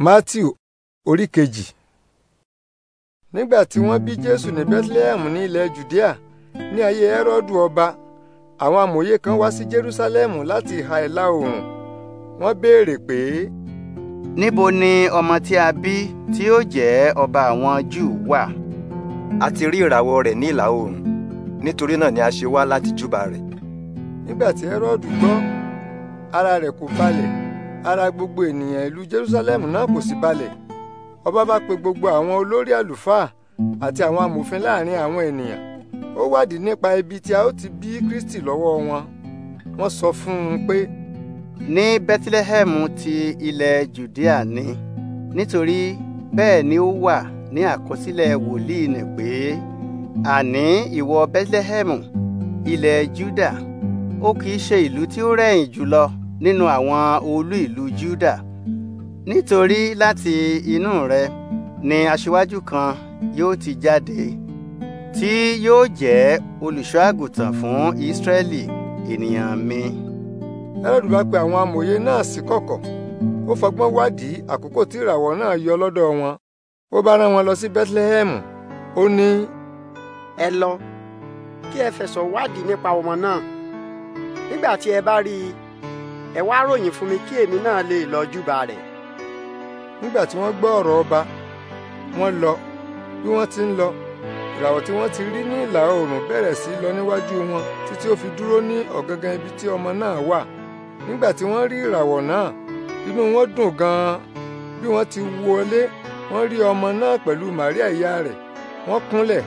matthew orí kejì. nígbà tí wọ́n bí jésù ní bethlehem ní ilẹ̀ judea ní ayé herodu ọba àwọn amòye kan wá sí jerusalem láti ìhà ìlà oòrùn wọ́n béèrè pé. níbo ni ọmọ tí a bí tí ó jẹ́ ọba àwọn júù wà. a ti rí ìràwọ̀ rẹ̀ ní ìlà oòrùn nítorí náà ni a ṣe wá láti júbà rẹ̀. nígbà tí herodu gbọ́ ara rẹ̀ kò balẹ̀ ara gbogbo ènìyàn ìlú Jerusalem náà kò sì balẹ̀ ọba bá pe gbogbo àwọn olórí àlùfáà àti àwọn amòfin láàrin àwọn ènìyàn ó wádìí nípa ibi tí a ó ti bí Kristi lọ́wọ́ wọn wọ́n sọ fún un pé. ní Bethlehem ti ilẹ̀ Judea ni nítorí bẹ́ẹ̀ ni ó wà ní àkọsílẹ̀ wòlíì nì pé àní ìwọ Bethlehem ilẹ̀ Juda ó kìí ṣe ìlú tí ó rẹ̀yìn jùlọ nínú àwọn olú ìlú Júdà nítorí láti inú rẹ ni aṣíwájú kan yóò ti jáde tí yóò jẹ́ olùṣọ́ àgùntàn fún Ísírẹ́lì ènìyàn mi. Hẹ́rọ́dù bá pe àwọn amòye náà sí kọ̀kọ̀ ó fọgbọ́n wádìí àkókò tí ìràwọ̀ náà yọ lọ́dọ̀ wọn ó bá rán wọn lọ sí Bethlehem ó ní. ẹ lọ kí ẹ fẹ̀sọ̀ wádìí nípa ọmọ náà nígbà tí ẹ bá rí i ẹ wá ròyìn fún mi kí èmi náà lè lọ júbà rẹ̀. nígbà tí wọ́n gbọ́ ọ̀rọ̀ ọba wọ́n lọ bí wọ́n ti ń lọ ìràwọ̀ tí wọ́n ti rí ní ìlà oòrùn bẹ̀rẹ̀ sí lọ níwájú wọn títí ó fi dúró ní ọ̀gangan ibi tí ọmọ náà wà nígbà tí wọ́n rí ìràwọ̀ náà inú wọn dùn gan-an bí wọ́n ti wọlé wọ́n rí ọmọ náà pẹ̀lú Màríà ìyá rẹ̀ wọ́n kúnlẹ̀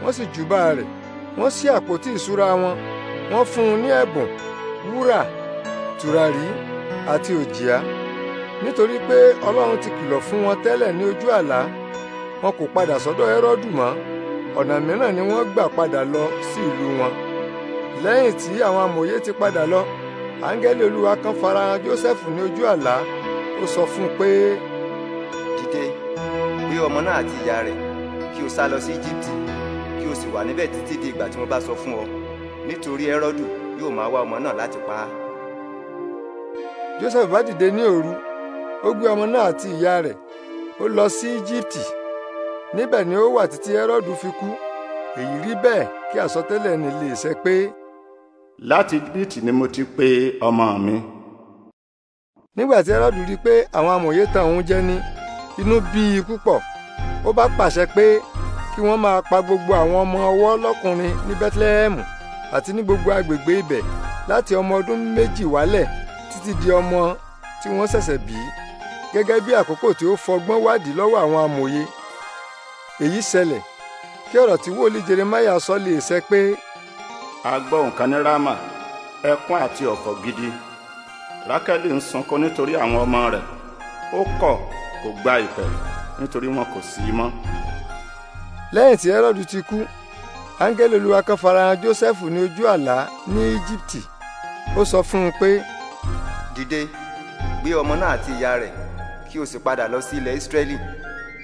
wọ́n sì júbà rẹ̀ wọ́n ṣí àpótí ìṣúra wọn wọ́n fún un ní ẹ̀bùn wúrà tùràrí àti òjìá nítorí pé Ọlọ́run ti kìlọ̀ fún wọn tẹ́lẹ̀ ní ojú àlá wọn kò padà sọ́dọ̀ Hẹ́rọ́dù mọ́ ọ̀nà mìíràn ni wọ́n gbà padà lọ sí ìlú wọn lẹ́yìn tí àwọn amòye ti padà lọ áńgẹ́lì Olúwa kan farahàn Jósẹ́fù ní ojú àlá ó sọ fún un pé. dìde gbé ọmọ náà àti ìyá rẹ̀ kí o sá lọ sí Íjíbítì kí o sì wà níbẹ̀ títí di ìgbà tí mo bá sọ fún ọ nítorí Hẹ́rọ́dù yóò máa wá ọmọ náà láti pa á. Joseph bá dìde ní òru ó gbé ọmọ náà àti ìyá rẹ̀ ó lọ sí Íjíbítì níbẹ̀ ni ó wà títí Hẹ́rọ́dù fi kú èyí rí bẹ́ẹ̀ kí àsọtẹ́lẹ̀ ni lè ṣẹ pé. láti Íjíbítì ni mo ti pe ọmọ mi. nígbà tí Hẹ́rọ́dù rí i pé àwọn amòye tan òun jẹ ní inú bí i púpọ̀ ó bá pàṣẹ pé kí wọ́n máa pa gbogbo àwọn ọmọ ọwọ́ lọ́kùnrin ní Bethlehem àti ní gbogbo agbègbè ibẹ̀ láti ọmọ ọdún méjì wálẹ̀ sì di ọmọ tí wọ́n ṣẹ̀ṣẹ̀ bí gẹ́gẹ́ bí àkókò tí ó fọgbọ́n wádìí lọ́wọ́ àwọn amòye èyí ṣẹlẹ̀ kí ọ̀rọ̀ tí wòlíì Jeremáyà sọ lè ṣẹ pé. a gbọ́ nǹkan ní Rámà ẹkún àti ọ̀fọ̀ gidi Rákẹ́lì ń sunkún nítorí àwọn ọmọ rẹ̀ ó kọ̀ kò gba ìpẹ̀ nítorí wọn kò sí mọ́. lẹ́yìn tí Hẹ́rọ́dù ti kú áńgẹ́lì Olúwa kan farahàn Jósẹ́fù ní ojú àlá ní Íjíbítì ó sọ fún un pé dìde gbé ọmọ náà àti ìyá rẹ̀ kí o sì padà lọ sí ilẹ̀ Ísírẹ́lì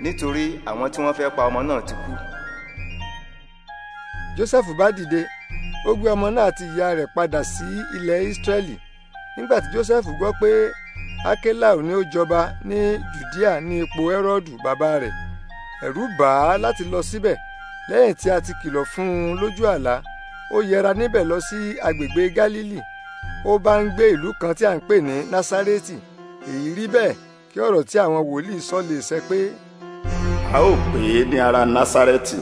nítorí àwọn tí wọ́n fẹ́ pa ọmọ náà ti kú. Jósẹ́fù bá dìde ó gbé ọmọ náà àti ìyá rẹ̀ padà sí ilẹ̀ Ísírẹ́lì nígbà tí Jósẹ́fù gbọ́ pé Akelau ni ó jọba ní Jùdíà ní ipò Hẹ́rọ́dù bàbá rẹ̀ ẹ̀rù bà á láti lọ síbẹ̀ lẹ́yìn tí a ti kìlọ̀ fún un lójú àlá ó yẹra níbẹ̀ lọ sí agbègbè Gálílì ó bá ń gbé ìlú kan tí a ń pè ní násárẹ́tì èyí rí bẹ́ẹ̀ kí ọ̀rọ̀ tí àwọn wòlíì sọ lè ṣẹ pé. a ó pè é ní ará násárẹ́tì.